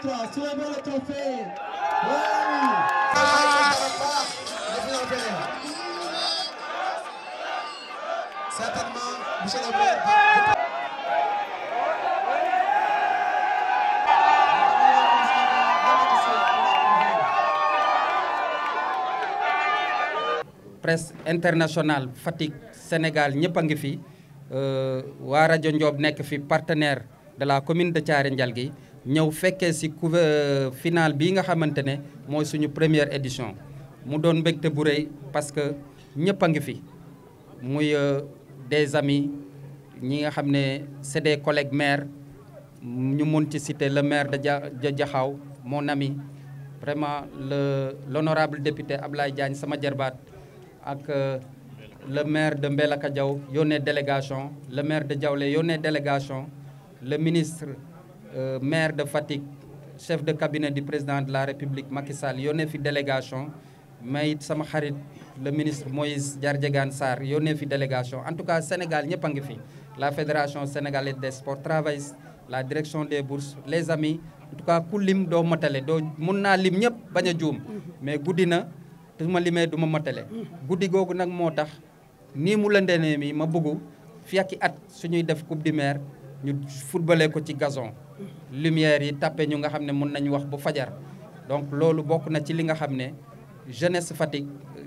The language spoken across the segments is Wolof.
Pres Internasional Fatik Senegal Michel Aubert presse internationale Fatick ngi fi euh, Ndiob nek fi partenaire de la commune de Ndialgui ñëw fekkee si couve euh, final bi nga xamante ne mooy suñu première édition mu doon mbégte bu parce que ñëpp a ngi fi muy euh, des amis ñi nga xam des collègues maires ñu mun ci citer le maire de de mon ami vraiment le l'honorable député Ablaye Diagne sama ak euh, le maire de Mbelaka yónnee délégation le maire de Diawle yónnee délégation le ministre euh, maire de Fatik, chef de cabinet du président de la République Macky Sall yónnee fi délégation mais sama xarit le ministre Moïse Diardiegane Sarr yónnee fi délégation en tout cas Sénégal ñëpp a fi la fédération sénégalaise des sports travaille la direction des bourses les amis en tout cas tout le monde matale doo mun naa lim ñëpp bañ a juum mais guddi na te ma limee du ma matale guddi ni nag moo mu la ndenee ma bëgg fii ak at suñuy def coupe du maire ñu footballé ko ci gazon lumière yi tàppe ñu nga xam ne mun nañu wax bu fajar donc loolu bokk na ci li nga xam ne jeunesse Fatick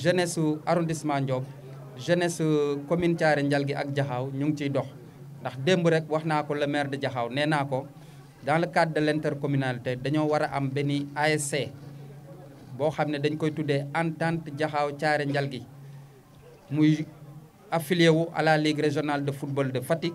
jeunesse arrondissement Ndiob jeunesse commune Thiaré njal gi ak Jaxaaw ñu ngi ciy dox ndax démb rek wax naa ko le maire de jaxaw nee naa ko dans le cadre de l'intercommunalité dañoo war a am benni ASC boo xam ne dañ koy tuddee entente jaxaw Thiaré njal gi muy affilié wu à la ligue régionale de football de Fatick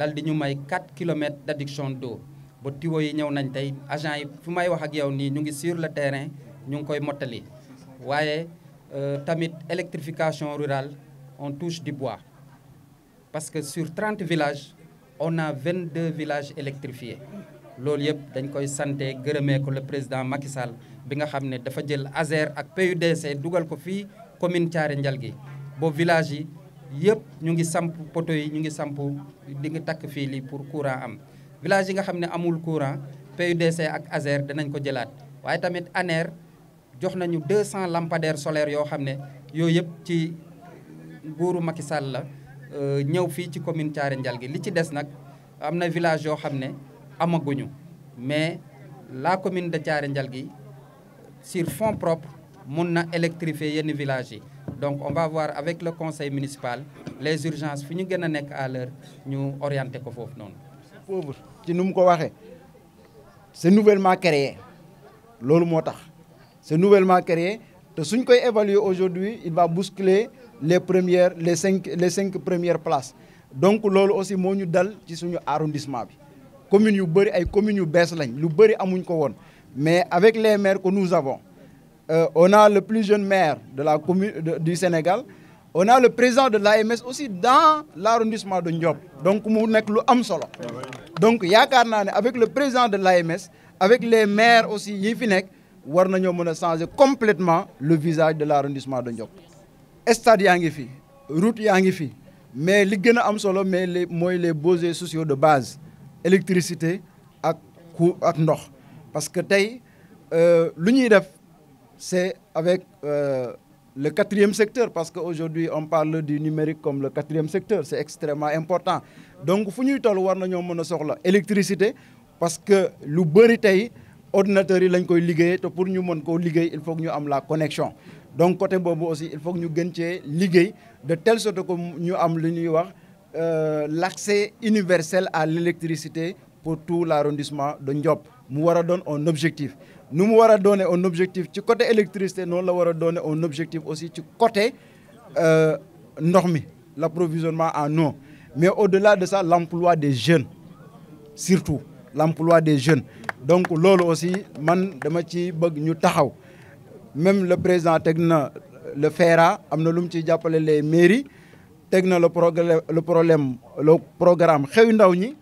dal di ñu may 4 kilomètres d'adduction d'eau, bo tiwo yi ñew nañ tay agent yi fu may wax ak yow ni ñu ngi sur le terrain ñu ngi koy mottali waaye euh, tamit électrification rurale on touche du bois parce que sur 30 villages on a 22 villages électrifiés lool yeb dañ koy santé, gërëmee ko le président Macky Sall bi nga xamné dafa jël ASER ak PUDC dugal ko fi commune Thiaré Ndialgui bo village yi yep ñu ngi samp poto yi ñu ngi samp di nga takk li pour courant am village yi nga xam amul courant PUDC ak ASER danañ ko jëlat waye tamit ANER jox nañu 200 lampadaires solaires yo xam ne yep ci nguuru Macky Sall la euh, ñëw fii ci commune Thiaré Ndialgui li ci dess nak amna village yo xam amaguñu mais la commune de Thiaré Ndialgui sur fonds propres mun na électrifier yenn village yi donc on va voir avec le conseil municipal les urgences fini ñu à l'heure ñu orienter ko foofu non. pauvre ci ko c'est nouvellement créé Lolu motax. c'est nouvellement créé te suñ koy évaluer aujourd'hui il va bousculer les premières les cinq les cinq premières places donc lolu aussi mo ñu dal ci suñu arrondissement bi communes yu bari ay commune yu bess lañ lu bari amuñ ko mais avec les maires que nous avons. Euh, on a le plus jeune maire de la commune du Sénégal. On a le président de l'AMS aussi dans l'arrondissement de Ndiop. Donc, nous sommes am solo. Donc, avec le président de l'AMS, avec les maires aussi, Yifinek, on devons changer complètement le visage de l'arrondissement de Ndiop. Stade Yangifi, route Yangifi, mais li gens am solo, mais les, les beaux sociaux de base, électricité et ndox. Parce que aujourd'hui, euh, ce c'est avec euh, le quatrième secteur, parce qu'aujourd'hui, on parle du numérique comme le quatrième secteur, c'est extrêmement important. Donc, il faut que l'électricité, parce que le beurre ordinateur lañ koy pour ñu il faut que nous am la connexion donc côté Bobo aussi il faut que nous ayons de telle sorte que ñu am euh, l'accès universel à l'électricité pour tout l'arrondissement de Ndiop Nous avons un objectif nous mu donner un objectif Du côté électricité nous la donner un objectif aussi du côté euh, normé, l'approvisionnement à en eau mais au-delà de ça l'emploi des jeunes surtout L'emploi des jeunes donc lolo aussi man dama ci bëgg ñu taxaw même le président le FERA amna a lu les mairies il le le problème le programme xew ndaw ñi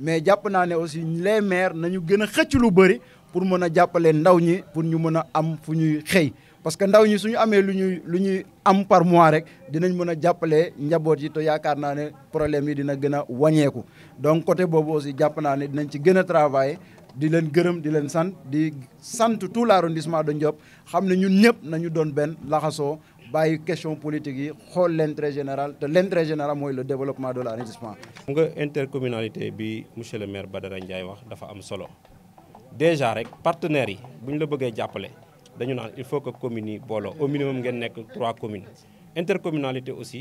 mais japp a aussi les maires nañu gëna que xëcc lu bëri pour mën a jàppale ndaw ñi pour ñu mën a am fu ñuy xëy parce que ndaw ñi suñu amee lu ñuy lu ñuy am par mois rek dinañ mën a jàppale njaboot yi te yaakaar naa ne problème yi dina gën a wàññeeku donc côté boobu aussi jàpp naa ne dinañ ci gën a travailler di leen gërëm di leen sant di sant tout l'arrondissement de Ndiop xam ne ñun ñëpp nañu doon benn laxasoo bàyyi question politique yi xool l'intérêt général te l'intérêt général mooy le développement de l'arrondissement. nga intercommunalité bi monsieur le maire Badara Ndiaye wax dafa am solo. déjà rek partenaires yi il faut que communes yi au minimum ngeen trois communes intercommunalité aussi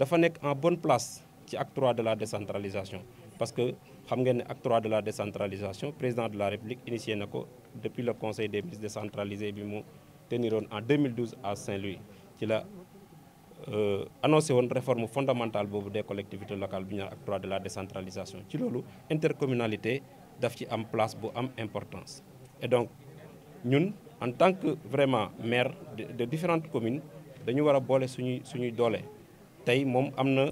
dafa nekk en bonne place ci acte 3 de la décentralisation parce que xam ngeen ne acte de la décentralisation président de la république initié depuis le conseil des ministres décentralisé bi mu en 2012 à Saint-Louis ci la euh, annoncé une réforme fondamentale pour des collectivités locales bi ñu de la décentralisation ci intercommunalité daf ci am place bu am importance et donc ñun en tant que vraiment maire de différentes communes dañu war a boole suñuy suñuy doole tey moom am na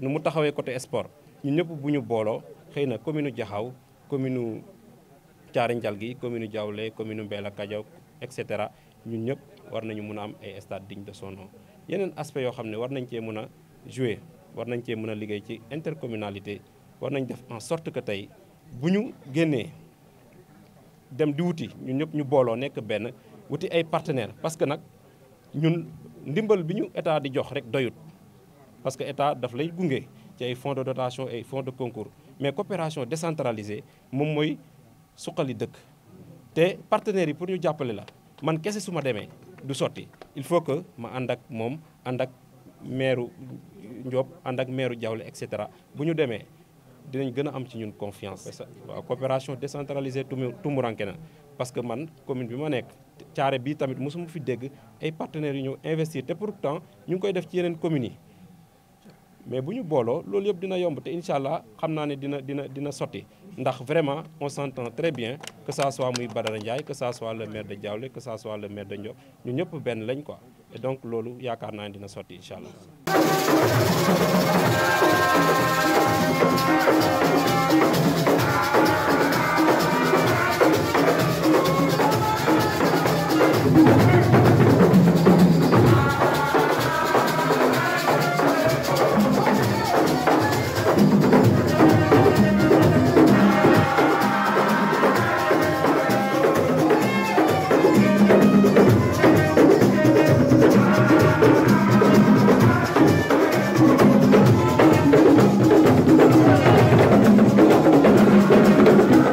nu mu taxawé côté sport ñun ñëpp buñu bolo xeyna xëy na commune Jaxaw commune Caari Njal gi commune Diawle commune Mbella Kajaw et ñun ñëpp war nañu mëna am ay stade digne de son nom yeneen aspect yo xamné war nañ cee mun jouer war nañ cee mën liggéey ci intercommunalité war nañ def en sorte que tay bu ñu génnee dem di wuti ñun ñëpp ñu booloo nekk benn wuti ay partenaires parce que nag ñun ndimbal bi ñu état di jox rek doyut parce que état daf lay gunge ci ay fonds de dotation ay fonds de concours mais coopération décentralisée moom mooy suqali dëkk te partenaires yi pour ñu jàppale la man kese su ma demee du sotti il faut que ma ànd ak moom ànd ak meeru Ndiob ànd ak meeru jawle et cetera bu ñu demee dinañ gëna am ci ñun confiance. waaw coopération décentralisée tumuranke na parce que man commune bi ma nekk caare bii tamit mosuma fi dégg ay partenaires yu ñëw investir te pourtant ñu ngi koy def ci yeneen communes yi. mais bu ñu booloo loolu yëpp dina yomb te inshallah allah xam naa ne dina dina dina soti ndax vraiment on s'entend très bien que ça soit muy Badara Ndiaye que ça soit le maire de diawle que ça soit le maire de Ndiop ñu ñëpp benn lañ quoi et donc loolu yaakaar naa ne dina soti inshallah Thank you.